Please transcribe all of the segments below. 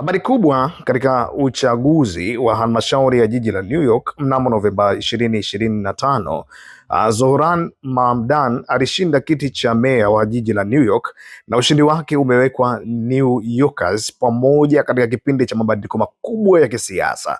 Habari kubwa katika uchaguzi wa halmashauri ya jiji la New York mnamo Novemba 2025, uh, Zohran Mamdan alishinda kiti cha meya wa jiji la New York na ushindi wake umewekwa New Yorkers pamoja katika kipindi cha mabadiliko makubwa ya kisiasa.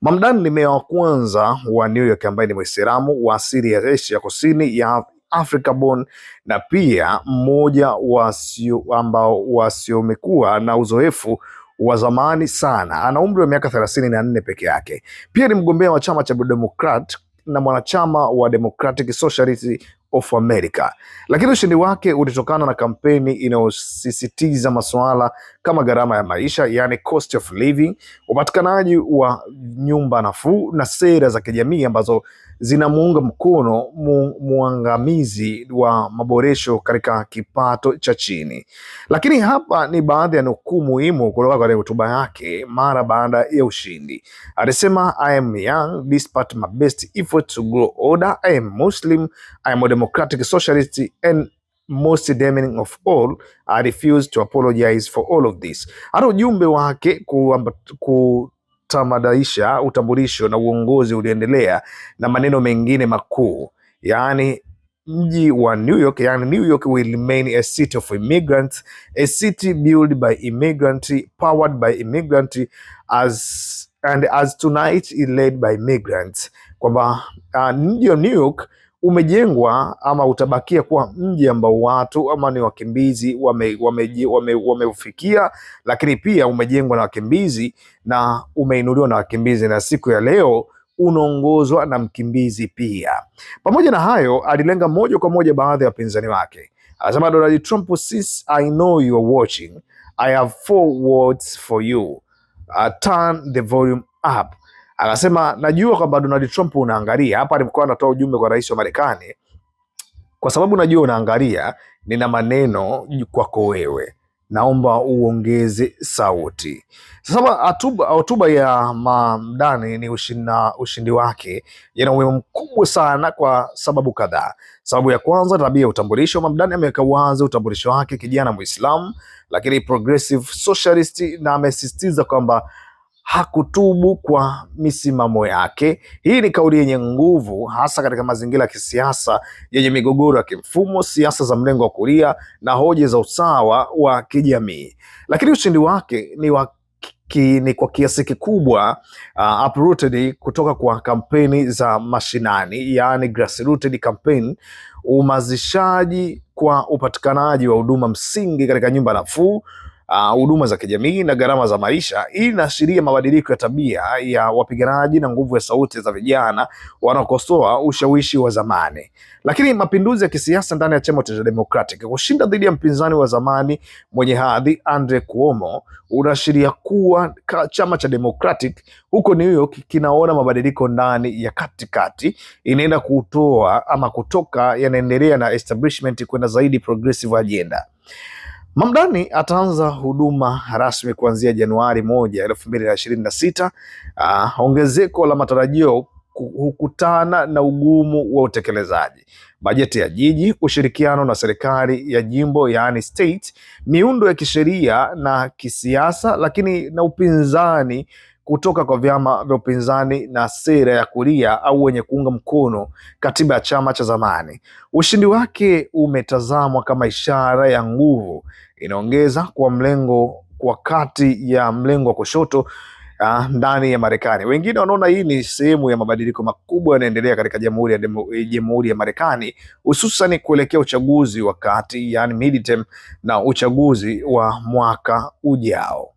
Mamdan ni meya wa kwanza wa New York ambaye ni Mwislamu wa asili ya Asia Kusini ya Africa born na pia mmoja wasio ambao wasiomekuwa na uzoefu wa zamani sana, ana umri wa miaka thelathini na nne peke yake. Pia ni mgombea wa chama cha Democrat na mwanachama wa Democratic Socialist of America, lakini ushindi wake ulitokana na kampeni inayosisitiza masuala kama gharama ya maisha, yani cost of living, upatikanaji wa nyumba nafuu na sera za kijamii ambazo zinamuunga mkono mu, muangamizi wa maboresho katika kipato cha chini. Lakini hapa ni baadhi ya nukuu muhimu kutoka kwenye hotuba yake mara baada ya ushindi. Alisema, I am young despite my best effort to grow older. I am Muslim, I am a democratic socialist and most damning of all, I refuse to apologize for all of this. Hata ujumbe wake kutamadaisha utambulisho na uongozi uliendelea na maneno mengine makuu, yaani mji wa New York, yani New York will remain a city of immigrants, a city built by immigrant, powered by immigrant as and as tonight is led by immigrants, kwamba uh, mji wa New York umejengwa ama utabakia kuwa mji ambao watu ama ni wakimbizi wameufikia, wame, wame, wame, lakini pia umejengwa na wakimbizi na umeinuliwa na wakimbizi, na siku ya leo unaongozwa na mkimbizi pia. Pamoja na hayo, alilenga moja kwa moja baadhi ya wapinzani wake. Anasema Donald Trump, since I know you are watching I have four words for you. Uh, turn the volume up. Anasema najua kwamba Donald Trump unaangalia hapa. Alikuwa anatoa ujumbe kwa rais wa Marekani, kwa sababu najua unaangalia, nina maneno kwako wewe, naomba uongeze sauti. Sasa hotuba ya Mamdani ni ushina, ushindi wake yana umuhimu mkubwa sana kwa sababu kadhaa. Sababu ya kwanza, tabia ya utambulisho. Mamdani ameweka wazi utambulisho wake, kijana Muislamu lakini progressive socialist, na amesisitiza kwamba hakutubu kwa misimamo yake. Hii ni kauli yenye nguvu, hasa katika mazingira ya kisiasa yenye migogoro ya kimfumo, siasa za mrengo wa kulia na hoja za usawa wa kijamii. Lakini ushindi wake ni wa Ki, ni kwa kiasi kikubwa uh, uprooted kutoka kwa kampeni za mashinani, yaani grassroots campaign, umazishaji kwa upatikanaji wa huduma msingi katika nyumba nafuu Uh, huduma uh, za kijamii na gharama za maisha. Hii inaashiria mabadiliko ya tabia ya wapiganaji na nguvu ya sauti za vijana wanaokosoa ushawishi wa zamani. Lakini mapinduzi ya kisiasa ndani ya chama cha Democratic, kushinda dhidi ya mpinzani wa zamani mwenye hadhi Andre Cuomo, unaashiria kuwa chama cha Democratic huko New York kinaona mabadiliko ndani ya katikati, inaenda kutoa ama kutoka yanaendelea na establishment kwenda zaidi progressive agenda. Mamdani ataanza huduma rasmi kuanzia Januari moja elfu mbili na ishirini na sita. Uh, ongezeko la matarajio hukutana na ugumu wa utekelezaji, bajeti ya jiji, ushirikiano na serikali ya jimbo yaani state, miundo ya kisheria na kisiasa, lakini na upinzani kutoka kwa vyama vya upinzani na sera ya kulia au wenye kuunga mkono katiba ya chama cha zamani. Ushindi wake umetazamwa kama ishara ya nguvu, inaongeza kwa mlengo kwa kati ya mlengo wa kushoto ah, ndani ya Marekani. Wengine wanaona hii ni sehemu ya mabadiliko makubwa yanaendelea katika jamhuri ya jamhuri ya Marekani, hususan kuelekea uchaguzi wa kati, yani midterm, na uchaguzi wa mwaka ujao.